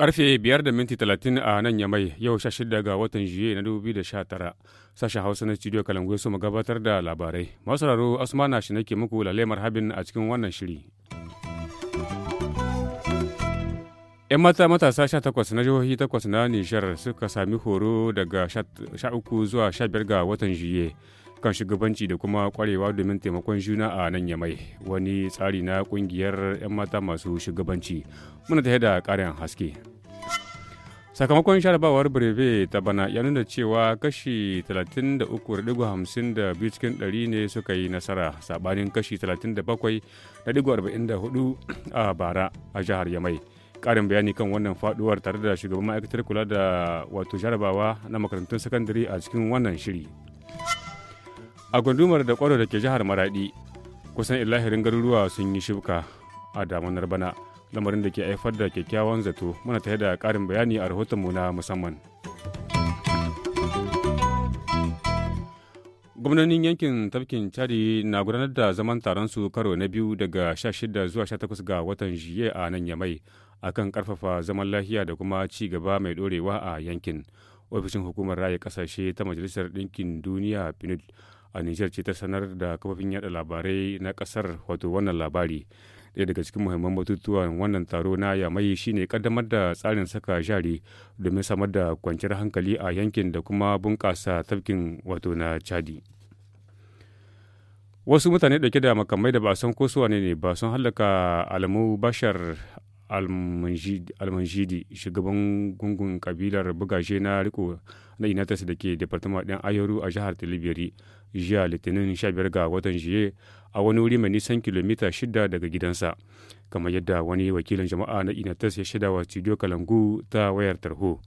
karfe 5 da minti talatin a nan yamai yau 16 ga watan juye na 2019 sashen hausa na studio kalangu su gabatar da labarai masu raro asmana shi nake muku lalemar habin a cikin wannan shiri 'Yan mata matasa 18 na jihohi takwas na Nijar suka sami horo daga 13 zuwa 15 ga watan Juye kan shugabanci da kuma kwarewa domin taimakon juna a nan yamai wani tsari na kungiyar 'yan mata masu shugabanci muna ta da ƙarin haske. Sakamakon sharabawar Breve ta bana ya nuna cewa kashi 33.52 cikin 100 ne suka yi nasara sabanin kashi 37.44 a bara a jihar Yamai. karin bayani kan wannan faduwar tare da shugaban ma'aikatar kula da wato jarabawa na makarantun sakandare a cikin wannan shiri a gundumar da kwaro da ke jihar maradi kusan ilahirin garuruwa sun yi shibka a damanar bana lamarin da ke haifar da kyakkyawan zato muna tare da karin bayani a rahotonmu na musamman gwamnanin yankin tafkin chadi na gudanar da zaman taron su karo na biyu daga 16 zuwa 18 ga watan jiye a nan yamai akan karfafa zaman lafiya da kuma ci gaba mai dorewa a yankin ofishin hukumar raya kasashe ta majalisar ɗinkin duniya pinud a nijar ce ta sanar da kafafin yada labarai na kasar wato wannan labari daya daga cikin muhimman batutuwan wannan taro na yamai shine kaddamar da tsarin saka jari domin samar da kwanciyar hankali a yankin da kuma bunƙasa tafkin wato na chadi wasu mutane dauke da makamai da ba san ko su ne ba sun hallaka alamu bashar almanjidi shugaban gungun kabilar bugashe na riko na inatas da ke departama ɗin ayoru a jihar tilibiri jiya litinin 15 ga watan jiye a wani wuri mai nisan kilomita 6 daga gidansa kamar yadda wani wakilin jama'a na inatas ya shida wa studio kalangu ta wayar tarho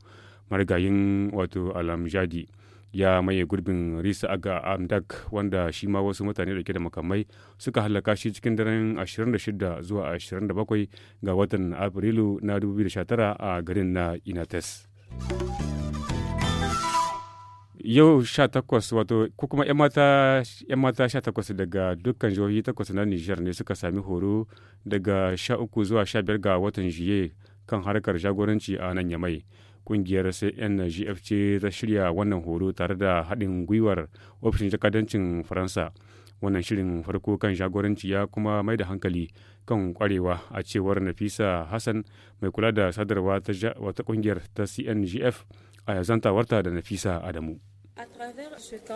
marigayin wato alamjadi ya maye gurbin Risa Aga Amdak wanda shi ma wasu mutane dauke da makamai suka hallaka shi cikin daren 26 zuwa 27 ga watan Afrilu na 2019 a garin na Inates. yau sha takwas wato ko kuma 'yan mata sha takwas daga dukkan jihohi takwas na Nijar ne suka sami horo daga sha uku zuwa sha ga watan jiye kan harkar jagoranci a nan yamai kungiyar cngf ce ta shirya wannan horo tare da haɗin gwiwar ofishin jakadancin faransa wannan shirin farko kan jagoranci ya kuma mai da hankali kan kwarewa a cewar nafisa hassan mai kula da sadarwa ta kungiyar ta cngf a zantawarta da nafisa adamu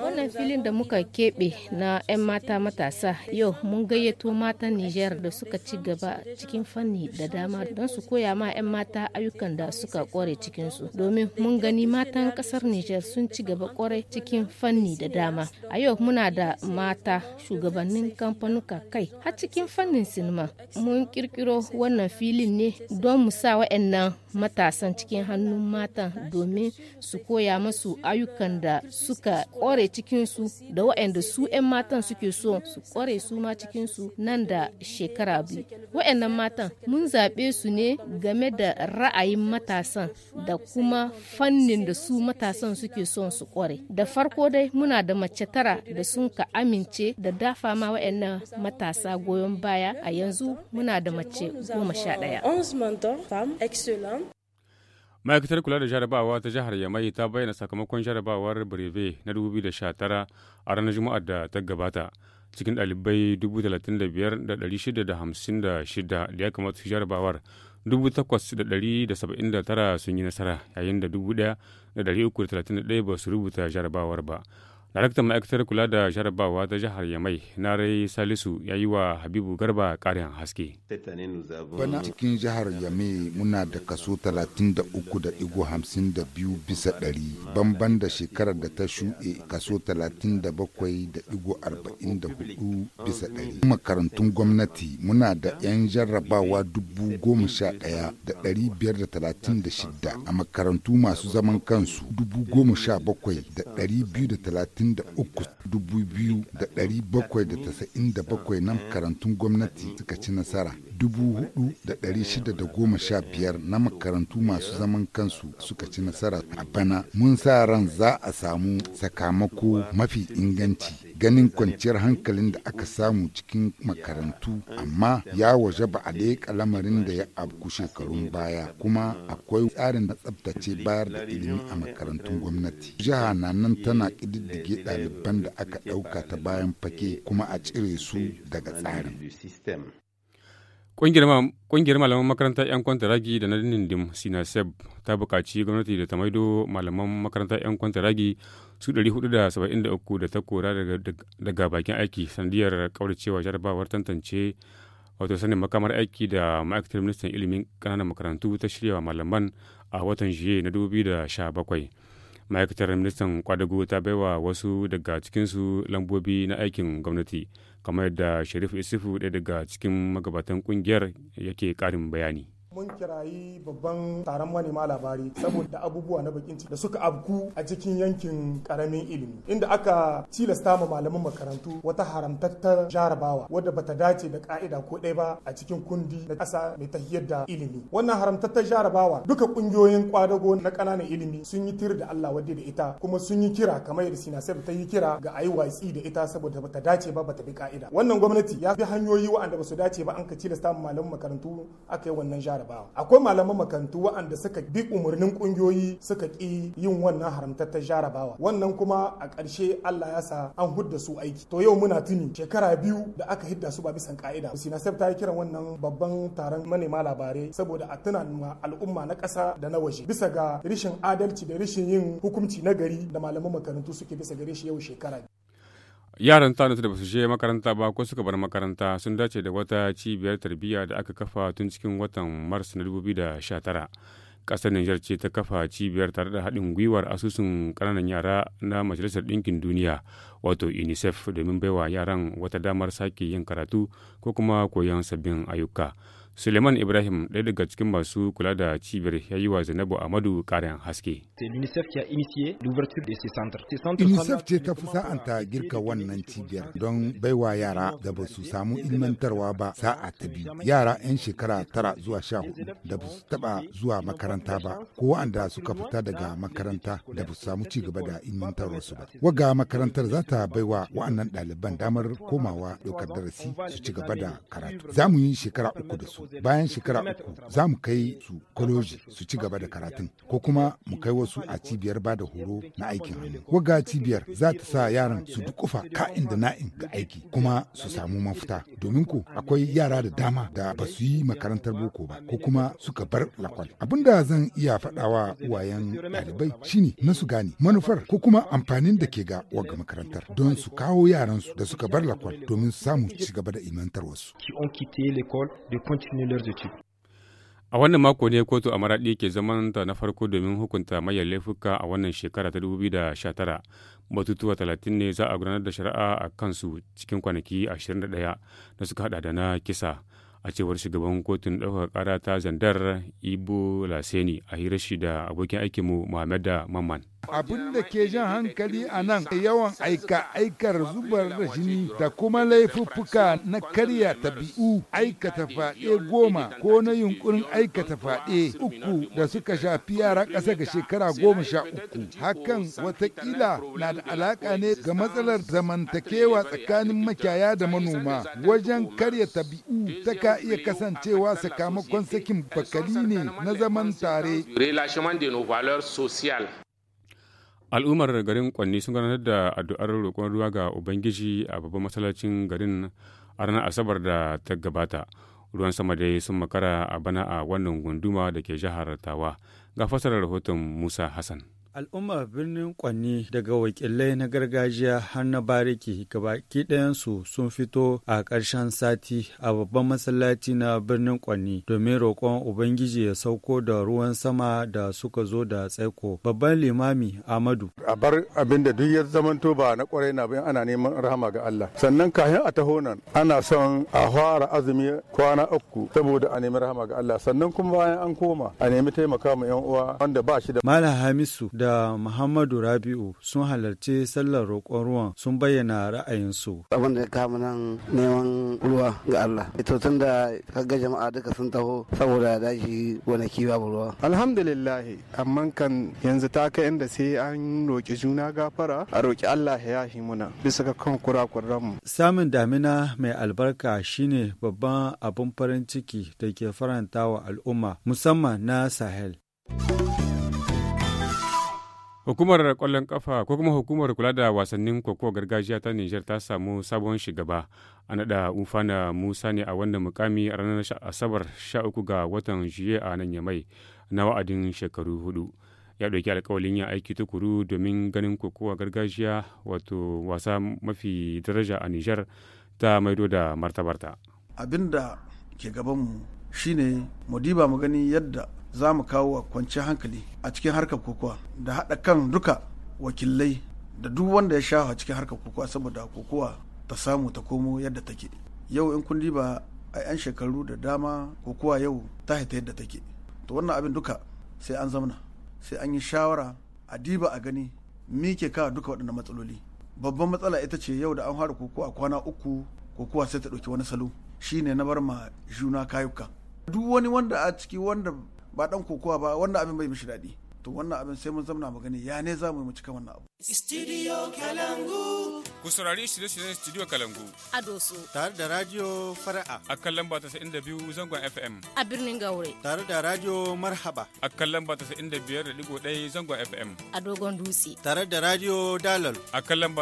Wannan filin da muka keɓe na 'yan mata matasa yau mun gayyato matan Nijar da suka ci gaba cikin fanni da dama don su koya ma 'yan mata ayyukan da suka kware cikinsu. Domin mun gani matan ƙasar Nijar sun ci gaba kware cikin fanni da dama. A yau muna da mata shugabannin kamfanuka kai har cikin fannin sinima. Mun kirkiro wannan filin ne don mu sa matasan cikin hannun matan domin su koya masu ayyukan da suka kware cikinsu da waɗanda su 'yan matan suke so su kware su ma cikinsu nan da shekara biyu waɗannan matan mun zaɓe su ne game da ra'ayin matasan da kuma fannin da su matasan suke so su kware da farko dai muna da mace tara da sun ka amince da dafa ma waɗannan matasa goyon baya a yanzu muna da mace goma sha ɗaya ma'aikatar kula da jarabawa ta jihar yamai ta bayyana sakamakon jarabawar breve na 2019 a ranar juma'ar da ta gabata cikin ɗalibai 35,656 da ya kamata su jarabawar 8,179 sun yi nasara yayin da 1,331 ba su rubuta jarabawar ba daraktan ma'aikatar kula da jarabawa ta jihar yamai narai salisu ya yi wa habibu garba ƙarin haske bana cikin jihar yamai muna da kaso 33.52 bisa ɗari bamban da shekarar da ta shuɗe kaso 37.44 bisa ɗari makarantun gwamnati muna da 'yan jarrabawa 11,536 a makarantu masu zaman kansu 17,230 63,797 na makarantun gwamnati suka ci nasara. goma sha biyar na makarantu masu zaman kansu suka ci nasara a bana mun sa ran za a samu sakamako mafi inganci ganin kwanciyar hankalin da aka samu cikin makarantu amma ya waje ba a leƙa lamarin da ya abku shekarun baya kuma akwai tsarin da tsabtace bayar da ilimi a makarantun gwamnati jiha na nan tana ƙididdige ɗaliban da aka ɗauka ta bayan fake kuma a cire su daga tsarin Ƙungiyar malaman makarantar 'yan Ragi da na dindim Sinaseb ta buƙaci gwamnati da ta maido malaman makarantar 'yan kwantaragi su 473 da ta kora daga bakin aiki sandiyar kauracewa jarabawar tantance wato sanin makamar aiki da ma'aikatar ministan ilimin ƙananan makarantu ta shirya malaman a watan juye na 2017. ma'aikatar ministan kwadago ta baiwa wasu daga cikinsu lambobi na aikin gwamnati kamar yadda sharif isufu ɗaya daga cikin magabatan ƙungiyar yake ƙarin bayani mun kirayi babban taron manema labari saboda abubuwa na bakin ciki da suka abku a cikin yankin karamin ilimi inda aka tilasta ma malaman makarantu wata haramtattar jarabawa wadda bata dace da ka'ida ko ɗaya ba a cikin kundi na ƙasa mai tahiyar da ilimi wannan haramtattar jarabawa duka ƙungiyoyin kwadago na ƙananan ilimi sun yi tir da Allah wadda da ita kuma sun yi kira kamar yadda sai ta yi kira ga ayi watsi da ita saboda bata dace ba bata bi ka'ida wannan gwamnati ya bi hanyoyi waɗanda ba su dace ba an ka tilasta ma malaman makarantu aka yi wannan jarabawa jarabawa akwai malaman makarantu waɗanda suka bi umarnin ƙungiyoyi suka ƙi yin wannan haramtattar jarabawa wannan kuma a ƙarshe Allah ya sa an hudda su aiki to yau muna tuni shekara biyu da aka hidda su ba bisan ka'ida na ta yi kiran wannan babban taron manema labarai saboda a tuna ma al'umma na ƙasa da na waje bisa ga rishin adalci da rishin yin hukunci na gari da malaman makarantu suke bisa gare shi yau shekara Yaran tanata da basu makaranta ba ko suka bar makaranta sun dace da wata cibiyar tarbiyya da aka kafa tun cikin watan Mars na 2019. Ƙasar Nijar ce ta kafa cibiyar tare da haɗin gwiwar asusun ƙananan yara na Majalisar Ɗinkin Duniya wato UNICEF domin baiwa yaran wata damar sake yin karatu ko kuma koyon sabbin ayyuka. Suleiman Ibrahim ɗaya daga cikin masu kula da cibiyar ya yi wa Zainabu Amadu ƙarin haske. UNICEF ce ta fi sa'anta girka wannan cibiyar don baiwa yara da ba su samu ilmantarwa ba sa'a ta biyu. Yara 'yan shekara tara zuwa sha hudu da ba su taɓa zuwa makaranta ba ko waɗanda suka fita daga makaranta da ba su samu ci gaba da su ba. Waga makarantar za ta baiwa wa'annan ɗaliban damar komawa ɗaukar darasi su ci gaba da karatu. Za mu yi shekara uku da su. bayan shekara uku za mu kai su kwaloji su ci gaba da karatun ko kuma mu kai wasu a cibiyar ba da horo na aikin hannu waga cibiyar za ta sa yaran su dukufa ka'in da na'in ga aiki kuma su samu mafita domin ko akwai yara da dama da ba su yi makarantar boko ba ko kuma suka bar lakwal abin da zan iya faɗawa uwayen ɗalibai shine na su gane manufar ko kuma amfanin da ke ga waga makarantar don su kawo yaransu da suka bar lakwal domin su samu ci gaba da imantar wasu. Qui ont quitté de continuer A wannan mako ne kotu a maraɗi ke zaman na farko domin hukunta mayar laifuka a wannan shekara ta 2019. Batutuwa 30 ne za a gudanar da shari'a a kansu cikin kwanaki 21 da suka hada da na kisa. A cewar shugaban kotun ɗaukar ƙara ta zandar Ibo Laseni a hirar shi da abokin aikinmu Muhammad Mamman. abin da ke jan hankali a nan yawan aika aikar zubar da jini da kuma laifuffuka na karya tabi'u aikata fade goma ko na yunkurin aikata fade uku da suka shafi yara ƙasa ga shekara goma sha uku hakan watakila na da alaƙa ne ga matsalar zamantakewa tsakanin makiyaya da manoma wajen karya tabi'u ta ka iya kasancewa sakamakon sakin bakali ne na zaman tare. al'ummar garin kwanni sun gudanar da addu'ar roƙon ruwa ga ubangiji a babban masallacin garin a ranar asabar da ta gabata ruwan sama dai sun makara a bana a wannan gunduma da ke jihar tawa ga fasarar rahoton musa hassan al'ummar birnin kwanni daga wakilai na gargajiya har na bariki gabaki ɗayansu sun fito a ƙarshen sati a babban masallaci na birnin kwanni domin roƙon ubangiji ya sauko da ruwan sama da suka zo da tsaiko babban limami amadu a bar abin da duk ya zamanto ba na kwarai na bayan ana neman rahama ga allah sannan kayan a taho nan ana son a fara azumi kwana uku saboda a nemi rahama ga allah sannan kuma bayan an koma a nemi taimaka ma yan uwa wanda ba shi da malam hamisu da da Muhammadu Rabi'u sun halarci sallar roƙon ruwan sun bayyana ra'ayinsu. Abin da ya kama nan neman ruwa ga Allah. Ito tun da kaga jama'a duka sun taho saboda daji gonaki babu ruwa. Alhamdulillah amma kan yanzu ta kai inda sai an roƙi juna gafara a roƙi Allah ya yashi muna bisa ga kan kurakuran mu. Samun damina mai albarka shine babban abin farin ciki da ke faranta wa al'umma musamman na Sahel. Hukumar kwallon kafa ko kuma hukumar kula da wasannin kokowa gargajiya ta Nijar ta samu sabon shugaba. a naɗa Ufana Musa ne a wannan mukami a ranar Asabar 13 ga watan Juye a nan Yamai na wa'adin shekaru hudu. Ya ɗauki alkawalin yin aiki tukuru domin ganin kokowa gargajiya wato wasa mafi daraja a Nijar ta maido da martabarta. abinda da ke gabanmu shine mu diba mu gani yadda za mu kawo kwanciyar hankali a cikin harkar kokowa da haɗa kan duka wakilai da duk wanda ya sha a cikin harkar kokowa saboda kokowa ta samu ta komo yadda take yau in kun diba a 'yan shekaru da dama kokowa yau ta haita yadda take to wannan abin duka sai an zamana sai an yi shawara a diba a gani mi ke kawo duka waɗanda matsaloli babban matsala ita ce yau da an fara kokowa kwana uku kokowa sai ta ɗauki wani salo shine na bar ma juna kayuka duk wani wanda a ciki wanda ba dan kokowa ba wanda abin bai mishi daɗi to wannan abin sai mun zamna magani ya ne za mu cika wannan abu studio kalangu ku saurari shirye-shiryen studio kalangu a doso tare da radio fara'a a kan lamba biyu zangon fm a birnin gaure tare da radio marhaba a kan lamba biyar da digo ɗaya zangon fm a dogon dutse tare da radio dalal a kan lamba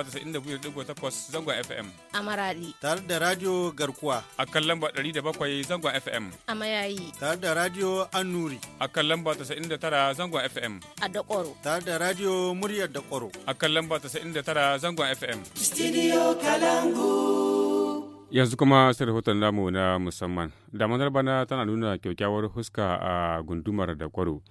takwas zangon fm a maradi tare da radio garkuwa a kan lamba bakwai zangon fm a mayayi tare da radio annuri a kan lamba tara zangon fm a A Dakoro. Tare da Radio Muryar Dakoro. A kan lamba tara zangon FM. Studio Kalangu. Yanzu kuma sai rahoton namu na musamman. Damanar bana tana nuna kyakkyawar huska a gundumar Dakoro,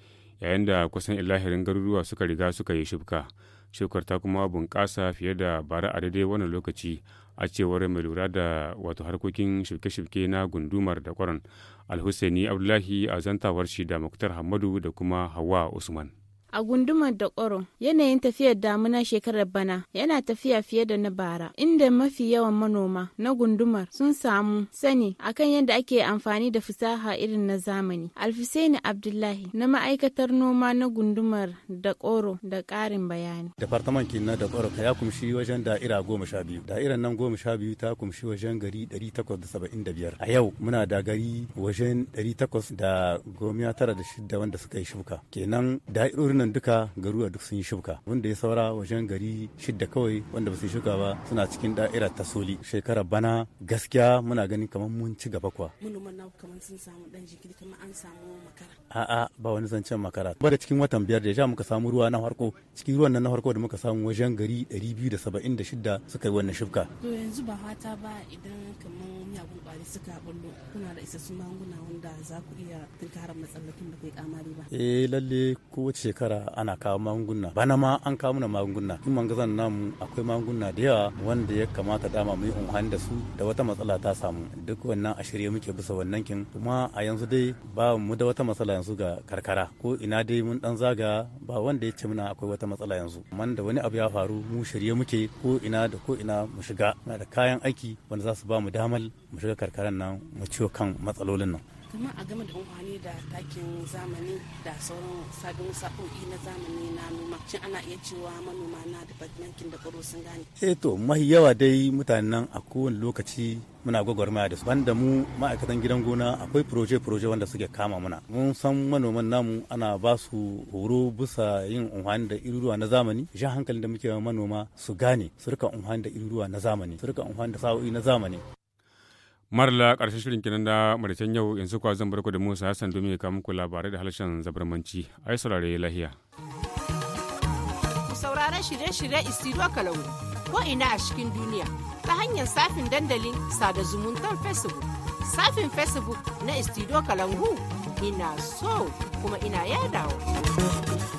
yayin da kusan ilahirin garuruwa suka riga suka yi shubka. shekar ta kuma bunƙasa fiye da bara a daidai wannan lokaci a cewar mai lura da wato harkokin shirke-shirke na gundumar da kwaron alhussaini abdullahi a zantawar shi da muktar hamadu da kuma hawa usman a gundumar da ƙoro yanayin tafiyar damuna shekarar bana yana tafiya fiye da na bara inda mafi yawan manoma na gundumar sun samu sani akan yadda ake amfani da fasaha irin na zamani alfisaini abdullahi na ma'aikatar noma na gundumar da ƙoro da ƙarin bayani departament na da ƙoro ya kumshi wajen da'ira goma sha biyu da'irar nan goma sha biyu ta kumshi wajen gari ɗari takwas da saba'in da biyar a yau muna da gari wajen ɗari takwas da goma tara da shida wanda suka yi shuka kenan da'irorin wannan duka garuruwa duk sun yi shuka wanda ya saura wajen gari shidda kawai wanda ba su shuka ba suna cikin da'ira ta soli shekara bana gaskiya muna ganin kamar mun ci gaba kwa manoman na kamar sun samu dan jikiri kamar an samu makara a'a ba wani zancen makara ba da cikin watan biyar da ya muka samu ruwa na farko cikin ruwan nan na farko da muka samu wajen gari 276 suka yi wannan shuka to yanzu ba fata ba idan kamar miyagun kwari suka bullo kuna da isassun magunguna wanda za ku iya tunkarar matsalolin da kai kamari ba eh lalle kowace shekara shekara ana kawo magunguna bana ma an kawo mana magunguna in gazan namu akwai magunguna da yawa wanda ya kamata dama mu yi unhan da su da wata matsala ta samu duk wannan a shirye muke bisa wannan kin kuma a yanzu dai ba mu da wata matsala yanzu ga karkara ko ina dai mun dan zaga ba wanda ya ce muna akwai wata matsala yanzu man da wani abu ya faru mu shirye muke ko ina da ko ina mu shiga na da kayan aiki wanda za su ba mu damar mu shiga karkaran nan mu ciwo kan matsalolin nan kuma a game da amfani da takin zamani da sauran sabon sabo'i na zamani na noma shin ana iya cewa manoma na departmentin da tsaro sun gane eh to mahi yawa dai mutanen nan a kowane lokaci muna gwagwarmaya da su banda mu ma'aikatan gidan gona akwai proje proje wanda suke kama muna mun san manoman namu ana ba su horo bisa yin amfani da iruruwa na zamani shan hankalin da muke manoma su gane su rika amfani da iruruwa na zamani su rika amfani da sa'o'i na zamani marla karshen shirin kenan da maritan yau yanzu kwa zan barku da musa hassan domin ya kama labarai da harshen zabarmanci ai saurare lahiya ku shirye-shirye istiro kalau ko ina a cikin duniya ta hanyar safin dandalin sada zumuntar facebook safin facebook na istiro kalangu ina so kuma ina yadawa